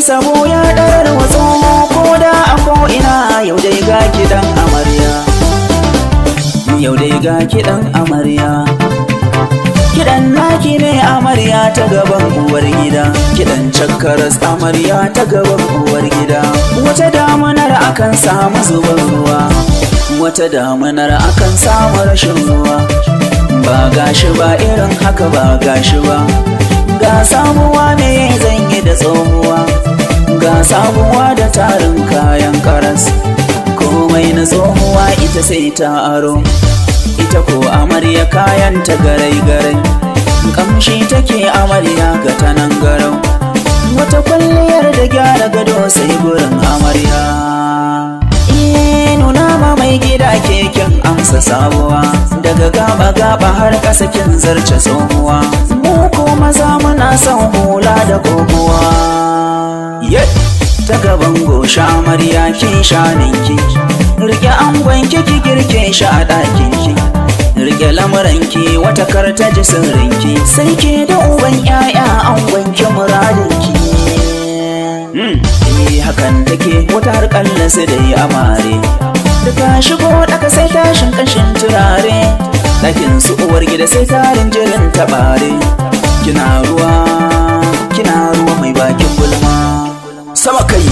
sabo ya ɗara wasu ko da a ko'ina yau dai ga kiɗan amarya yau dai ga kiɗan amarya kiɗan naki ne amarya ta gaban uwar gida kiɗan cakkaras amarya ta gaban uwar gida wata damunar akan samu zuban ruwa wata damunar akan samu rashin ruwa ba gashi ba irin haka ba gashi ba sabuwa da tarin kayan karas komai na tsohuwa ita sai ta aro ita ko amarya kayan ta garai garai kamshi take amarya ga tanan garau wata kwalliyar da gyara gado sai gurin amarya nuna ma mai gida keken amsa sabuwa daga gaba gaba har kasa kin zarce tsohuwa mu ko maza muna son hula da koguwa. bango sha amarya kin sha ninki rike angon ki girke shi a ɗakin ki rike ki wata karta ji sirrinki sai ke da uban 'ya'ya angon ki muradinki hmm. Eh hakan take wata har kallon su yi amare Daga shigo daga sai tashin kashin turare Ɗakin su uwar gida sai tarin jirin tabare Kina ruwa, kina ruwa mai bakin gulma Sama kai